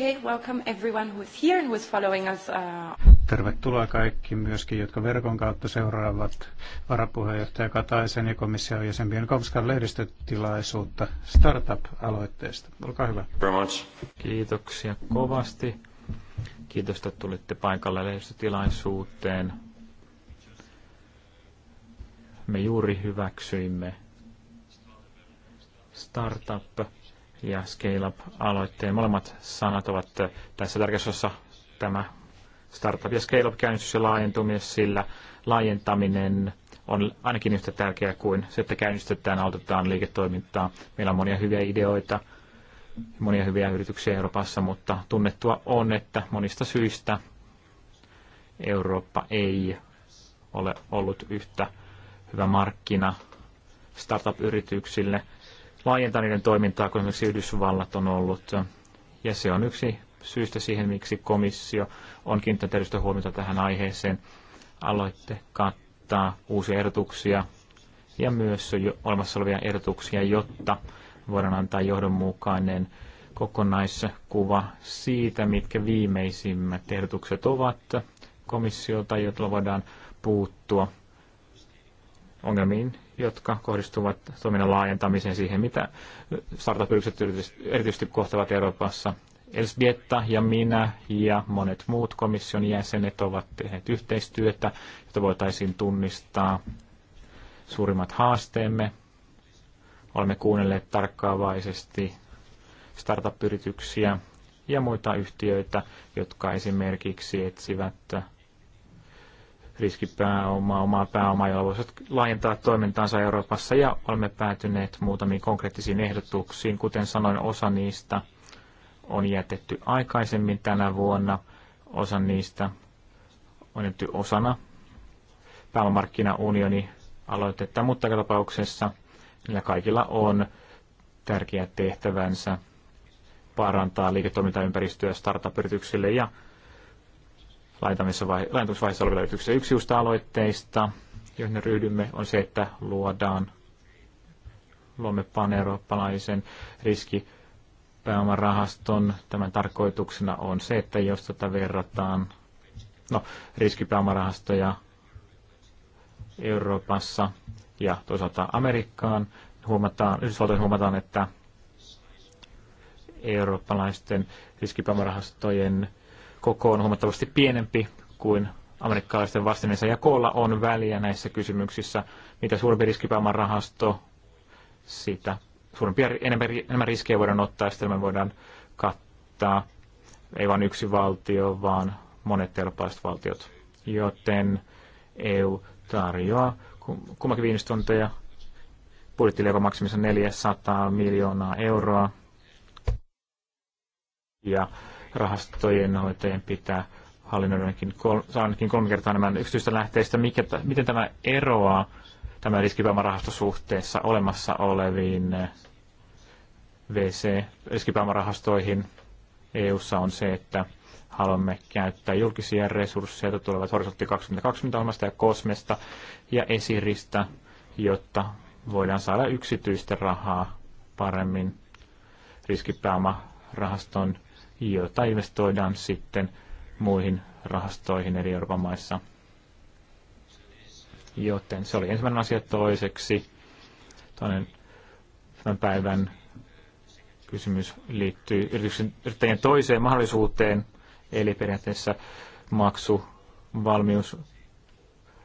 Okay, welcome everyone who is here and who is following us. Uh, Tervetuloa kaikki myöskin, jotka verkon kautta seuraavat varapuheenjohtaja Kataisen ja komission jäsen Bienkovskan lehdistötilaisuutta startup-aloitteesta. Olkaa hyvä. Very much. Kiitoksia kovasti. Kiitos, että tulitte paikalle lehdistötilaisuuteen. Me juuri hyväksyimme startup ja Scale Up-aloitteen. Molemmat sanat ovat äh, tässä tarkastuksessa tämä startup ja scale up käynnistys ja laajentuminen, sillä laajentaminen on ainakin yhtä tärkeää kuin se, että käynnistetään, autetaan liiketoimintaa. Meillä on monia hyviä ideoita, monia hyviä yrityksiä Euroopassa, mutta tunnettua on, että monista syistä Eurooppa ei ole ollut yhtä hyvä markkina startup-yrityksille laajentaa niiden toimintaa, kun esimerkiksi Yhdysvallat on ollut. Ja se on yksi syystä siihen, miksi komissio on kiinnittänyt erityistä huomiota tähän aiheeseen. Aloitte kattaa uusia ehdotuksia ja myös jo olemassa olevia ehdotuksia, jotta voidaan antaa johdonmukainen kokonaiskuva siitä, mitkä viimeisimmät ehdotukset ovat komissiolta, joilla voidaan puuttua ongelmiin, jotka kohdistuvat toiminnan laajentamiseen siihen, mitä startup-yritykset erityisesti kohtavat Euroopassa. Elsbietta ja minä ja monet muut komission jäsenet ovat tehneet yhteistyötä, jotta voitaisiin tunnistaa suurimmat haasteemme. Olemme kuunnelleet tarkkaavaisesti startup-yrityksiä ja muita yhtiöitä, jotka esimerkiksi etsivät riskipääomaa, omaa pääomaa, jolla voisivat laajentaa toimintaansa Euroopassa ja olemme päätyneet muutamiin konkreettisiin ehdotuksiin. Kuten sanoin, osa niistä on jätetty aikaisemmin tänä vuonna, osa niistä on jätetty osana pääomamarkkinaunioni aloitetta, mutta joka tapauksessa niillä kaikilla on tärkeä tehtävänsä parantaa liiketoimintaympäristöä startup-yrityksille ja laajentamisvaiheessa olevilla yrityksillä. Yksi just aloitteista, joihin ryhdymme, on se, että luodaan, luomme paneurooppalaisen riski rahaston. Tämän tarkoituksena on se, että jos tätä tota verrataan no, riskipääomarahastoja Euroopassa ja toisaalta Amerikkaan, huomataan, Yhdysvaltoihin huomataan, että eurooppalaisten riskipääomarahastojen koko on huomattavasti pienempi kuin amerikkalaisten vastineensa ja koolla on väliä näissä kysymyksissä. Mitä suurempi riskipääoman rahasto, sitä suurempia, enemmän, enemmän riskejä voidaan ottaa ja sitten me voidaan kattaa ei vain yksi valtio, vaan monet eurooppalaiset valtiot. Joten EU tarjoaa kummakin viinistunteja budjettille, maksimissa 400 miljoonaa euroa. Ja rahastojen hoitajien pitää hallinnoida ainakin, kol, ainakin kolme kertaa enemmän yksityistä lähteistä. Mikä, miten tämä eroaa tämä riskipääomarahasto suhteessa olemassa oleviin eh, VC-riskipääomarahastoihin EU:ssa on se, että haluamme käyttää julkisia resursseja, jotka tulevat horisontti 2020 ohjelmasta ja kosmesta ja esiristä, jotta voidaan saada yksityistä rahaa paremmin riskipääomarahaston jota investoidaan sitten muihin rahastoihin eri Euroopan maissa. Joten se oli ensimmäinen asia toiseksi. Toinen tämän päivän kysymys liittyy yrityksen, yrittäjien toiseen mahdollisuuteen, eli periaatteessa maksuvalmius,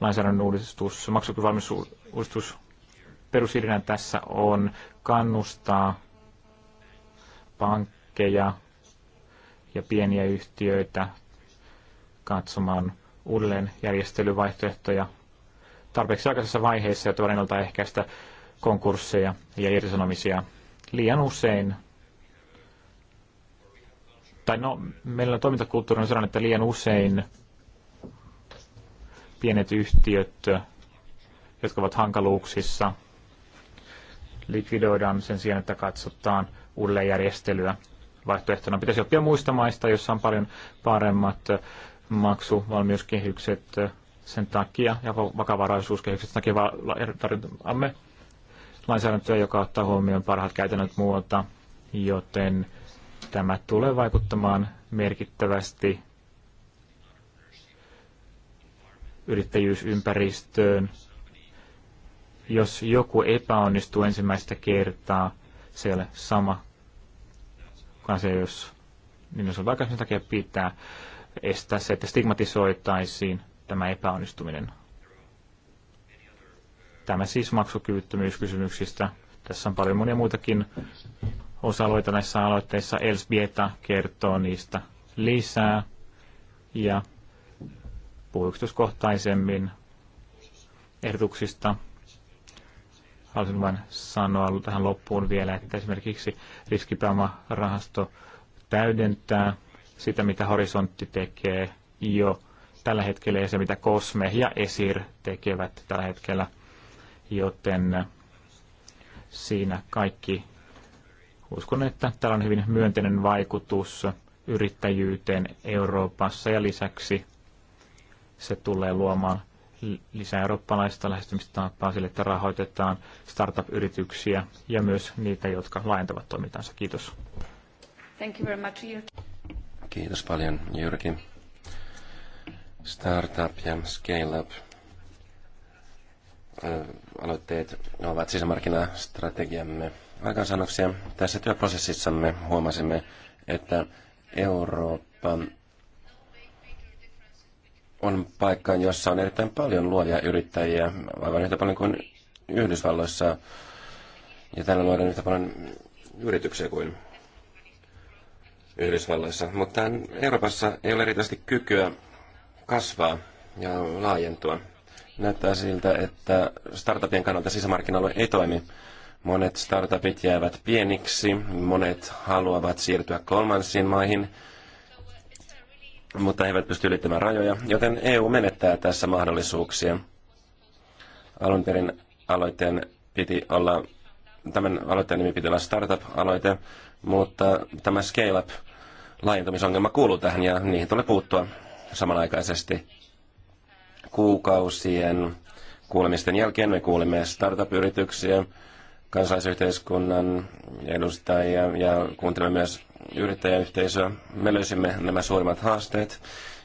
lainsäädännön uudistus, maksuvalmiusuudistus perusidinä tässä on kannustaa pankkeja ja pieniä yhtiöitä katsomaan uudelleen järjestelyvaihtoehtoja tarpeeksi aikaisessa vaiheessa, jotta voidaan ennaltaehkäistä konkursseja ja irtisanomisia liian usein. Tai no, meillä toimintakulttuuri on sellainen, että liian usein pienet yhtiöt, jotka ovat hankaluuksissa, likvidoidaan sen sijaan, että katsotaan uudelleenjärjestelyä vaihtoehtona. Pitäisi oppia muista maista, joissa on paljon paremmat maksuvalmiuskehykset sen takia ja vakavaraisuuskehykset sen takia er- tarjotamme lainsäädäntöä, joka ottaa huomioon parhaat käytännöt muualta, joten tämä tulee vaikuttamaan merkittävästi yrittäjyysympäristöön. Jos joku epäonnistuu ensimmäistä kertaa, se ei ole sama mukana se, jos niin jos on aikaisemmin takia pitää estää se, että stigmatisoitaisiin tämä epäonnistuminen. Tämä siis maksukyvyttömyyskysymyksistä. Tässä on paljon monia muitakin osa-alueita näissä aloitteissa. Elsbieta kertoo niistä lisää ja puhuu yksityiskohtaisemmin ehdotuksista, Haluaisin vain sanoa tähän loppuun vielä, että esimerkiksi riskipääomarahasto täydentää sitä, mitä horisontti tekee jo tällä hetkellä ja se, mitä Kosme ja Esir tekevät tällä hetkellä. Joten siinä kaikki uskon, että täällä on hyvin myönteinen vaikutus yrittäjyyteen Euroopassa ja lisäksi se tulee luomaan lisää eurooppalaista lähestymistapaa sille, että rahoitetaan startup-yrityksiä ja myös niitä, jotka laajentavat toimintansa. Kiitos. Thank you very much, Jyrki. Kiitos paljon, Jyrki. Startup ja scale-up aloitteet ovat sisämarkkinastrategiamme aikaansaannoksia. Tässä työprosessissamme huomasimme, että Eurooppa on paikka, jossa on erittäin paljon luovia yrittäjiä, aivan yhtä paljon kuin Yhdysvalloissa. Ja täällä luodaan yhtä paljon yrityksiä kuin Yhdysvalloissa. Mutta Euroopassa ei ole erityisesti kykyä kasvaa ja laajentua. Näyttää siltä, että startupien kannalta sisämarkkinoilla ei toimi. Monet startupit jäävät pieniksi, monet haluavat siirtyä kolmansiin maihin – mutta he eivät pysty ylittämään rajoja, joten EU menettää tässä mahdollisuuksia. Alun perin aloitteen piti olla, tämän aloitteen nimi piti olla startup-aloite, mutta tämä scale-up laajentumisongelma kuuluu tähän ja niihin tulee puuttua samanaikaisesti kuukausien kuulemisten jälkeen me kuulimme startup-yrityksiä, kansalaisyhteiskunnan edustajia ja kuuntelemme myös yrittäjäyhteisöä. Me löysimme nämä suurimmat haasteet.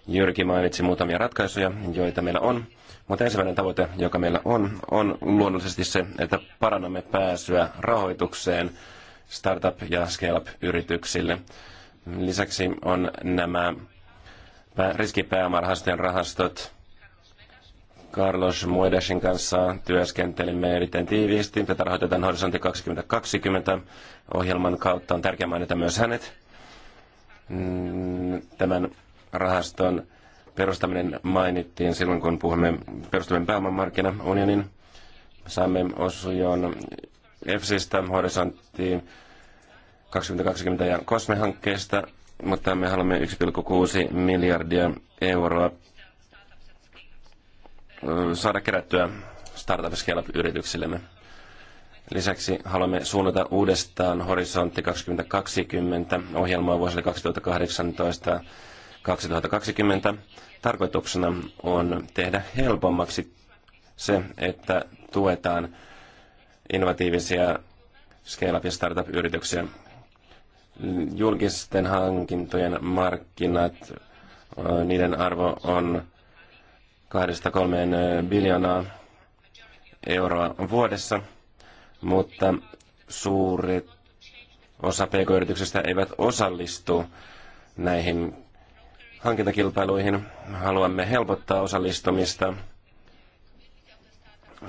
Jyrki mainitsi muutamia ratkaisuja, joita meillä on. Mutta ensimmäinen tavoite, joka meillä on, on luonnollisesti se, että parannamme pääsyä rahoitukseen startup- ja scale-up-yrityksille. Lisäksi on nämä riskipääomarahaston rahastot, Carlos Muedesin kanssa työskentelimme erittäin tiiviisti. Tätä rahoitetaan Horisontti 2020 ohjelman kautta. On tärkeää mainita myös hänet. Mm, tämän rahaston perustaminen mainittiin silloin, kun puhumme perustamme pääomamarkkinaunionin. Saamme osujon EFSistä, Horisonttiin 2020 ja COSME-hankkeesta, mutta me haluamme 1,6 miljardia euroa saada kerättyä Startup Scale-yrityksillemme. Lisäksi haluamme suunnata uudestaan Horisontti 2020 ohjelmaa vuosille 2018 2020. Tarkoituksena on tehdä helpommaksi se, että tuetaan innovatiivisia scale ja startup-yrityksiä. Julkisten hankintojen markkinat, niiden arvo on kahdesta kolmeen biljoonaa euroa vuodessa, mutta suuret osa pk-yrityksistä eivät osallistu näihin hankintakilpailuihin. Haluamme helpottaa osallistumista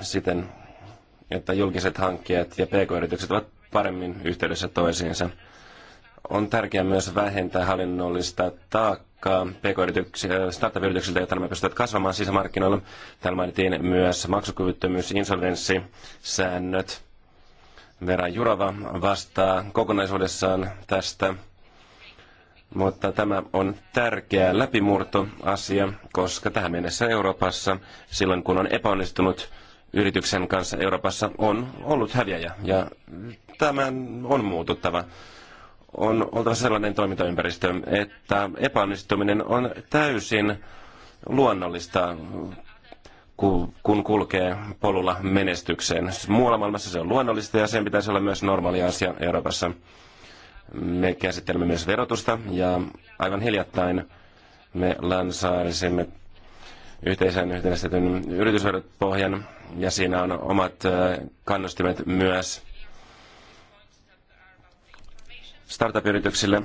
siten, että julkiset hankkijat ja pk-yritykset ovat paremmin yhteydessä toisiinsa on tärkeää myös vähentää hallinnollista taakkaa pk äh, startup-yrityksiltä, jotta nämä pystyvät kasvamaan sisämarkkinoilla. Täällä mainittiin myös maksukyvyttömyys, insolvenssi, säännöt. Vera Jurova vastaa kokonaisuudessaan tästä, mutta tämä on tärkeä läpimurtoasia, koska tähän mennessä Euroopassa, silloin kun on epäonnistunut yrityksen kanssa Euroopassa, on ollut häviäjä ja tämän on muututtava on oltava sellainen toimintaympäristö, että epäonnistuminen on täysin luonnollista, kun kulkee polulla menestykseen. Muualla maailmassa se on luonnollista ja sen pitäisi olla myös normaali asia Euroopassa. Me käsittelemme myös verotusta ja aivan hiljattain me lansaarisimme yhteisen yhtenäistetyn yritysverot pohjan ja siinä on omat kannustimet myös startup-yrityksille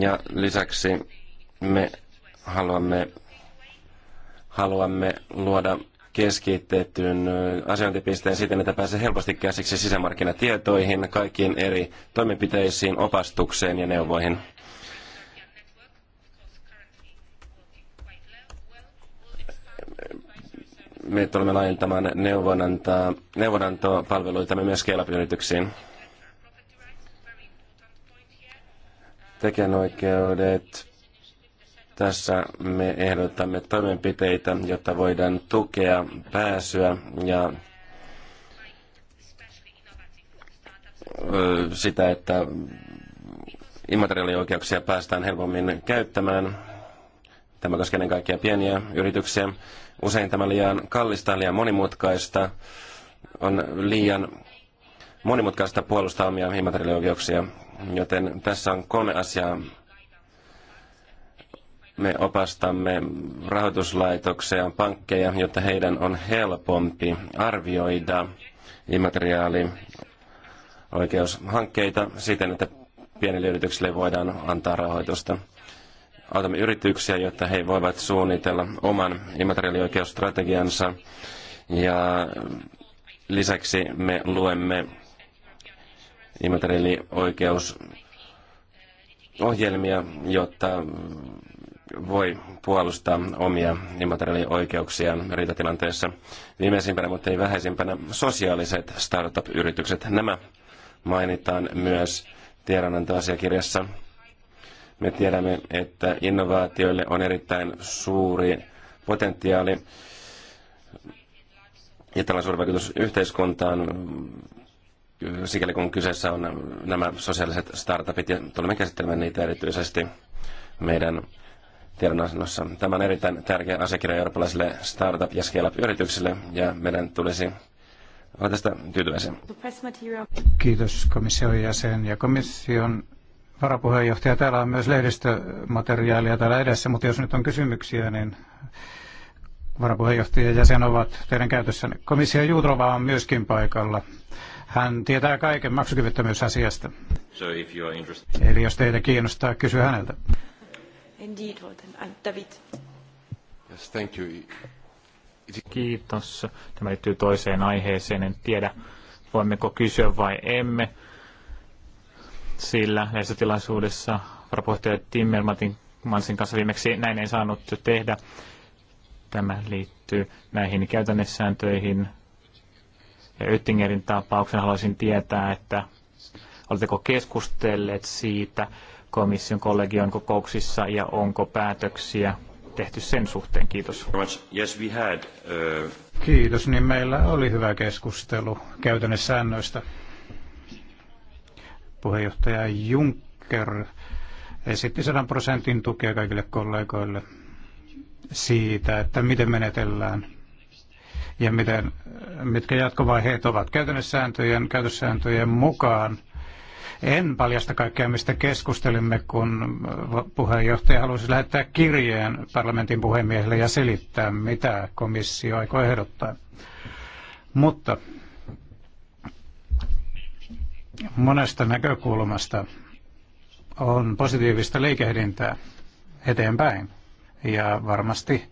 ja lisäksi me haluamme, haluamme luoda keskitetyn asiointipisteen siten, että pääsee helposti käsiksi sisämarkkinatietoihin, kaikkiin eri toimenpiteisiin, opastukseen ja neuvoihin. Me tulemme laajentamaan neuvonantaa, neuvonantopalveluitamme myös scale-up-yrityksiin. tekijänoikeudet. Tässä me ehdotamme toimenpiteitä, jotta voidaan tukea pääsyä ja sitä, että immateriaalioikeuksia päästään helpommin käyttämään. Tämä koskee ennen kaikkea pieniä yrityksiä. Usein tämä liian kallista, liian monimutkaista, on liian monimutkaista puolustaa omia immateriaalioikeuksia Joten tässä on kolme asiaa. Me opastamme rahoituslaitoksia, pankkeja, jotta heidän on helpompi arvioida immateriaali oikeushankkeita siten, että pienille yrityksille voidaan antaa rahoitusta. Autamme yrityksiä, jotta he voivat suunnitella oman immateriaalioikeusstrategiansa. Ja lisäksi me luemme immateriaalioikeusohjelmia, jotta voi puolustaa omia immateriaalioikeuksiaan riitatilanteessa. Viimeisimpänä, mutta ei vähäisimpänä, sosiaaliset startup-yritykset. Nämä mainitaan myös tiedonantoasiakirjassa. Me tiedämme, että innovaatioille on erittäin suuri potentiaali ja tällä suuri vaikutus yhteiskuntaan sikäli kun kyseessä on nämä sosiaaliset startupit, ja tulemme käsittelemään niitä erityisesti meidän tiedonasennossa. Tämä on erittäin tärkeä asiakirja eurooppalaisille startup- ja scale-up-yrityksille, ja meidän tulisi olla tästä tyytyväisiä. Kiitos komission jäsen ja komission varapuheenjohtaja. Täällä on myös lehdistömateriaalia täällä edessä, mutta jos nyt on kysymyksiä, niin varapuheenjohtaja ja jäsen ovat teidän käytössänne. Komissio Juutrova on myöskin paikalla. Hän tietää kaiken maksukyvyttömyysasiasta. So if you are interested. Eli jos teitä kiinnostaa, kysy häneltä. Indeed, David. Yes, thank you. Kiitos. Tämä liittyy toiseen aiheeseen. En tiedä, voimmeko kysyä vai emme. Sillä näissä tilaisuudessa varapuheenjohtaja Timmermatin Mansin kanssa viimeksi näin ei saanut tehdä. Tämä liittyy näihin käytännössääntöihin, ja Oettingerin tapauksen haluaisin tietää, että oletteko keskustelleet siitä komission kollegion kokouksissa ja onko päätöksiä tehty sen suhteen? Kiitos. Uh, Kiitos, niin meillä oli hyvä keskustelu käytännössä säännöistä. Puheenjohtaja Juncker esitti 100 prosentin tukea kaikille kollegoille siitä, että miten menetellään ja miten, mitkä jatkovaiheet ovat käytännössääntöjen, käytössääntöjen mukaan. En paljasta kaikkea, mistä keskustelimme, kun puheenjohtaja halusi lähettää kirjeen parlamentin puhemiehelle ja selittää, mitä komissio aikoo ehdottaa. Mutta monesta näkökulmasta on positiivista liikehdintää eteenpäin. Ja varmasti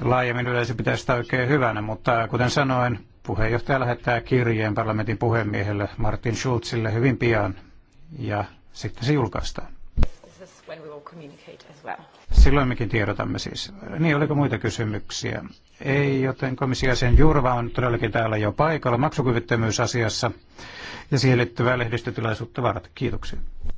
laajemmin yleisö pitää sitä oikein hyvänä, mutta kuten sanoin, puheenjohtaja lähettää kirjeen parlamentin puhemiehelle Martin Schulzille hyvin pian ja sitten se julkaistaan. Silloin mekin tiedotamme siis. Niin, oliko muita kysymyksiä? Ei, joten komission jäsen Jurva on todellakin täällä jo paikalla maksukyvyttömyysasiassa ja siihen liittyvää lehdistötilaisuutta varten. Kiitoksia.